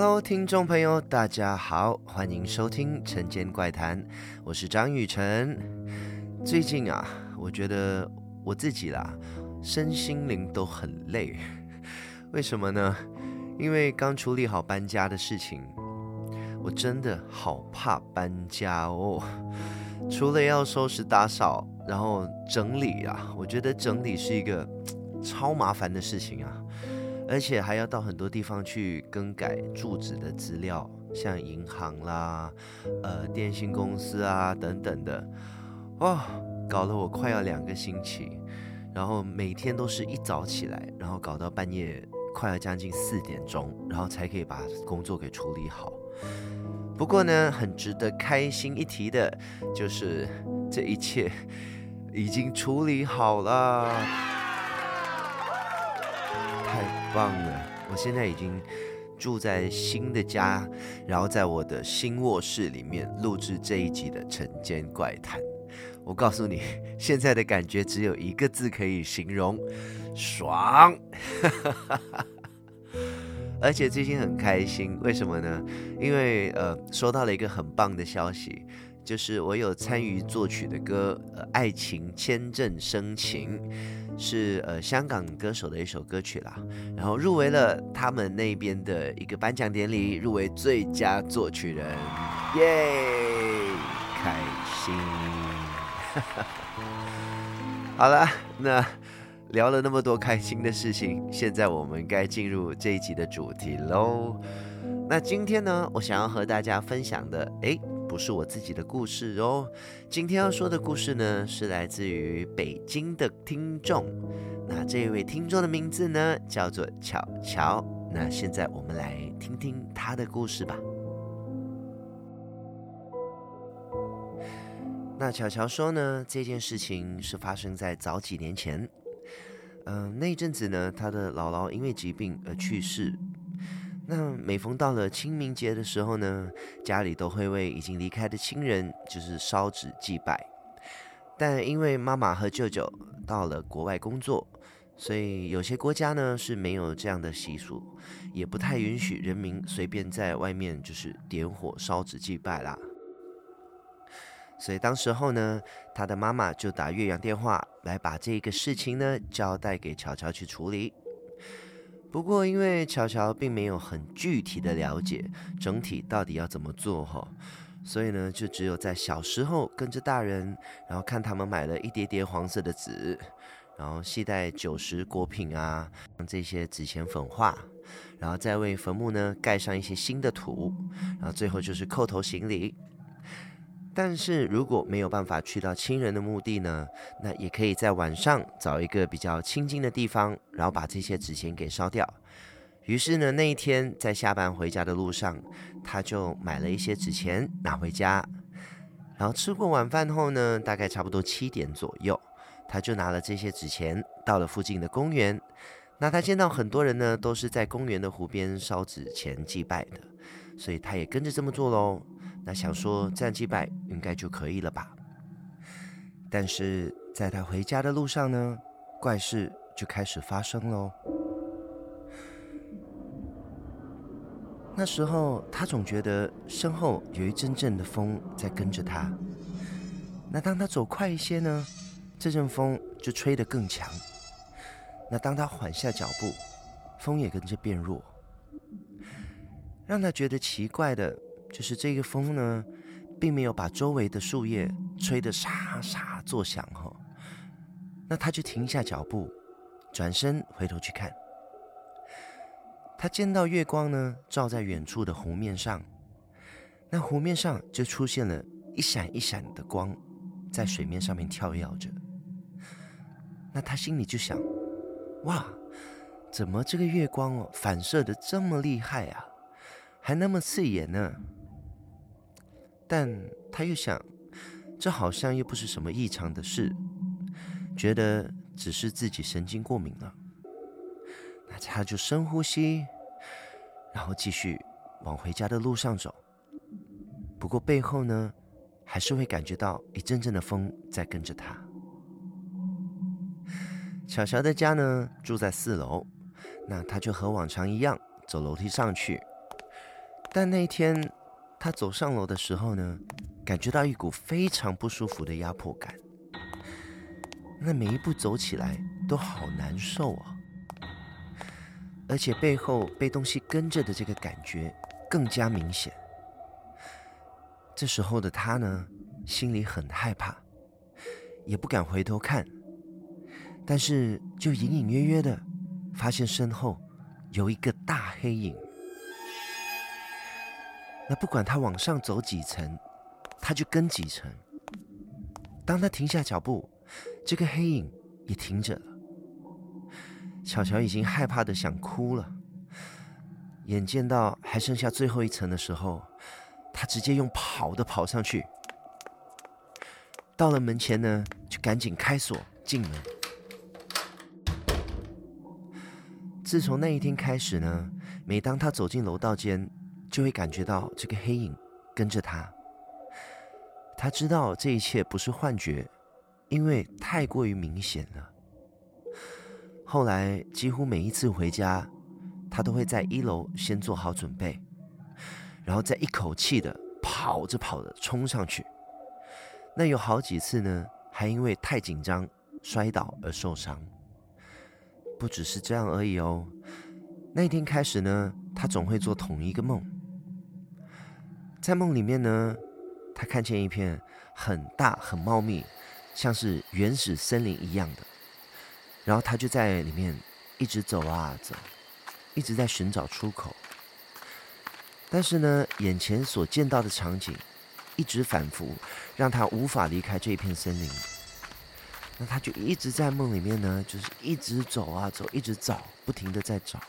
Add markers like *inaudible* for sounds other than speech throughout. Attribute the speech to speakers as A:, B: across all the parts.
A: Hello，聽眾朋友，大家好，歡迎收聽《辰間怪談》，我是張雨晨。最近啊，我覺得我自己啦，身心靈都很累。為什麼呢？因為剛處理好搬家的事情，我真的好怕搬家哦。除了要收拾打掃，然後整理啊，我覺得整理是一個超麻煩的事情啊。而且還要到很多地方去更改住址的資料，像銀行啦、呃電信公司啊等等的，哇、哦，搞了我快要兩個星期，然後每天都是一早起來，然後搞到半夜快要將近四點鐘，然後才可以把工作給處理好。不過呢，很值得開心一提的，就是這一切已經處理好了。忘了，我現在已經住在新的家，然後在我的新臥室裡面錄製這一集的晨間怪談。我告訴你，現在的感覺只有一個字可以形容：爽！ *laughs* 而且最近很開心，為什麼呢？因為呃，收到了一個很棒的消息。就是我有參與作曲的歌，呃、愛情簽證深情，是呃香港歌手的一首歌曲啦。然後入圍了他們那邊的一個頒獎典禮，入圍最佳作曲人，耶、yeah,，開心。 *laughs* 好了，那聊了那麼多開心的事情，現在我們該進入這一集的主題嘍。那今天呢，我想要和大家分享的，誒、欸。不是我自己的故事哦。今天要說的故事呢，是來自於北京的聽眾。那這位聽眾的名字呢，叫做巧巧。那現在我們來聽聽他的故事吧。那巧巧說呢，這件事情是發生在早幾年前。嗯、呃，那陣子呢，他的姥姥因為疾病而去世。那每逢到了清明節的時候呢，家裡都會為已經離開的親人就是燒紙祭拜。但因為媽媽和舅舅到了國外工作，所以有些國家呢是沒有這樣的習俗，也不太允許人民隨便在外面就是點火燒紙祭拜啦。所以當時候呢，他的媽媽就打越洋電話來把這個事情呢交代給喬喬去處理。不過，因為喬喬並沒有很具體的了解整體到底要怎麼做，所以呢，就只有在小時候跟着大人，然後看他們買了一疊疊黃色的紙，然後攜帶酒食果品啊，這些紙錢焚化，然後再為墳墓呢蓋上一些新的土，然後最後就是叩頭行禮。但是如果沒有辦法去到親人的墓地呢，那也可以在晚上找一個比較清靜的地方，然後把這些紙錢給燒掉。於是呢，那一天在下班回家的路上，他就買了一些紙錢拿回家，然後吃過晚飯後呢，大概差不多七點左右，他就拿了這些紙錢到了附近的公園。那他見到很多人呢，都是在公園的湖邊燒紙錢祭拜的，所以他也跟着這麼做嘍。那想說這樣幾百應該就可以了吧？但是在他回家的路上呢，怪事就開始發生嘍。那時候他總覺得身後有一陣陣的風在跟着他。那當他走快一些呢，這陣風就吹得更強；那當他緩下腳步，風也跟着變弱。讓他覺得奇怪的。就是這個風呢，並沒有把周圍的樹葉吹得沙沙作響哈、哦，那他就停下腳步，轉身回頭去看。他見到月光呢，照在遠處的湖面上，那湖面上就出現了一閃一閃的光，在水面上面跳躍着。那他心裡就想：哇，怎麼這個月光哦，反射得這麼厲害啊，還那麼刺眼呢？但他又想，這好像又不是什麼異常的事，覺得只是自己神經過敏了。那他就深呼吸，然後繼續往回家的路上走。不過背後呢，還是會感覺到一陣陣的風在跟着他。小喬的家呢，住在四樓，那他就和往常一樣走樓梯上去。但那一天。他走上樓的時候呢，感覺到一股非常不舒服的壓迫感，那每一步走起來都好難受啊，而且背後被東西跟着的這個感覺更加明顯。這時候的他呢，心裡很害怕，也不敢回頭看，但是就隱隱約約的發現身後有一個大黑影。那不管他往上走幾層，他就跟幾層。當他停下腳步，這個黑影也停着了。小喬已經害怕的想哭了。眼見到還剩下最後一層的時候，他直接用跑的跑上去。到了門前呢，就趕緊開鎖進門。自從那一天開始呢，每當他走進樓道間。就會感覺到這個黑影跟着他。他知道這一切不是幻覺，因為太過於明顯了。後來幾乎每一次回家，他都會在一樓先做好準備，然後再一口氣的跑着跑着衝上去。那有好幾次呢，還因為太緊張摔倒而受傷。不只是這樣而已哦。那天開始呢，他總會做同一個夢。在夢裡面呢，他看見一片很大很茂密，像是原始森林一樣的。然後他就在裡面一直走啊走，一直在尋找出口。但是呢，眼前所見到的場景一直反復，讓他無法離開這片森林。那他就一直在夢裡面呢，就是一直走啊走，一直找，不停地在找。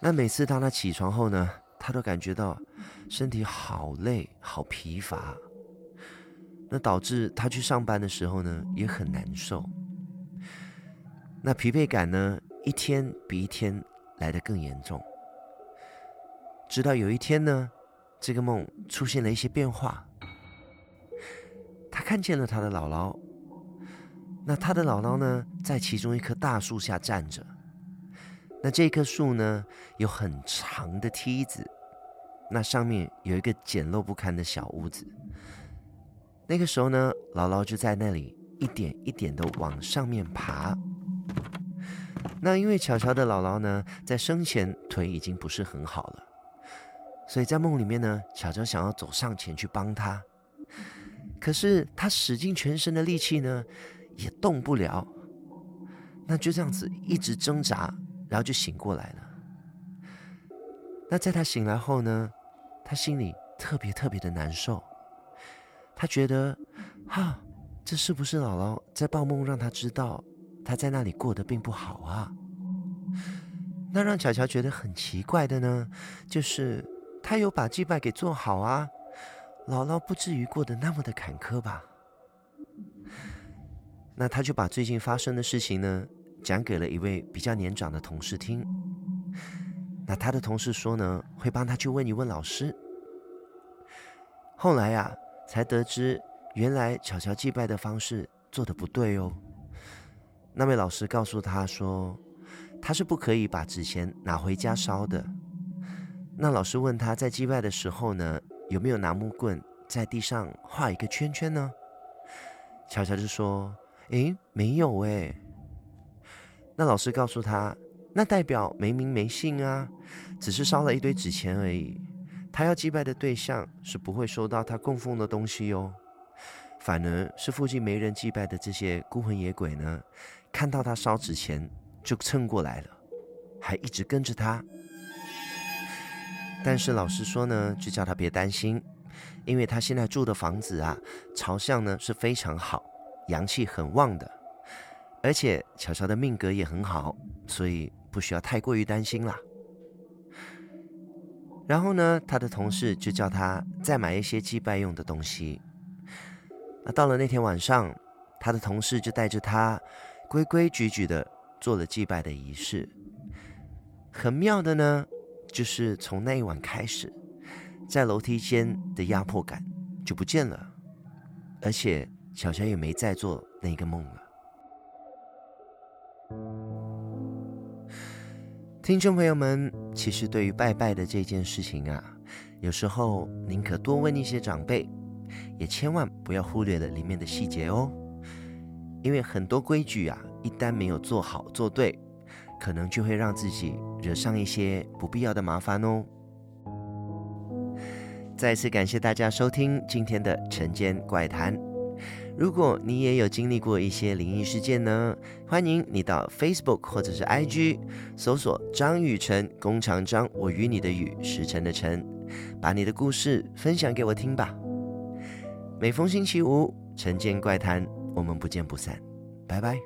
A: 那每次當他起床後呢，他都感覺到身體好累、好疲乏，那導致他去上班的時候呢，也很難受。那疲憊感呢一天比一天來得更嚴重，直到有一天呢，這個夢出現了一些變化，他看見了他的姥姥。那他的姥姥呢，在其中一棵大樹下站着。那這棵樹呢，有很長的梯子，那上面有一個簡陋不堪的小屋子。那個時候呢，姥姥就在那裡一點一點的往上面爬。那因為巧巧的姥姥呢，在生前腿已經不是很好了，所以在夢裡面呢，巧巧想要走上前去幫她，可是她使盡全身的力氣呢，也動不了。那就這樣子一直掙扎。然後就醒過來了。那在他醒來後呢，他心裡特別特別的難受。他覺得，哈、啊，這是不是姥姥在報夢，讓他知道他在那裡過得並不好啊？那讓巧巧覺得很奇怪的呢，就是他有把祭拜給做好啊，姥姥不至於過得那麼的坎坷吧？那他就把最近發生的事情呢，講給了一位比較年長的同事聽，那他的同事說呢，會幫他去問一問老師。後來呀、啊，才得知原來巧巧祭拜的方式做得不對哦。那位老師告訴他說，他是不可以把紙錢拿回家燒的。那老師問他在祭拜的時候呢，有沒有拿木棍在地上畫一個圈圈呢？巧巧就說：“誒，沒有誒。”那老師告訴他，那代表沒名沒姓啊，只是燒了一堆紙錢而已。他要祭拜的對象是不會收到他供奉的東西哦，反而是附近沒人祭拜的這些孤魂野鬼呢，看到他燒紙錢就蹭過來了，還一直跟着他。但是老師說呢，就叫他別擔心，因為他現在住的房子啊，朝向呢是非常好，陽氣很旺的。而且巧巧的命格也很好，所以不需要太過於擔心了。然後呢，他的同事就叫他再買一些祭拜用的東西，啊。到了那天晚上，他的同事就帶着他規規矩矩的做了祭拜的儀式。很妙的呢，就是從那一晚開始，在樓梯間的壓迫感就不見了，而且巧巧也沒再做那個夢了。聽眾朋友們，其實對於拜拜的這件事情啊，有時候寧可多問一些長輩，也千萬不要忽略了裡面的細節哦。因為很多規矩啊，一旦沒有做好做對，可能就會讓自己惹上一些不必要的麻煩哦。再次感謝大家收聽今天的辰間怪談。如果你也有經歷過一些靈異事件呢，歡迎你到 Facebook 或者是 IG 搜索張雨辰，弓長張，我與你的雨，時辰的辰，把你的故事分享給我聽吧。每逢星期五，辰間怪談，我們不見不散，拜拜。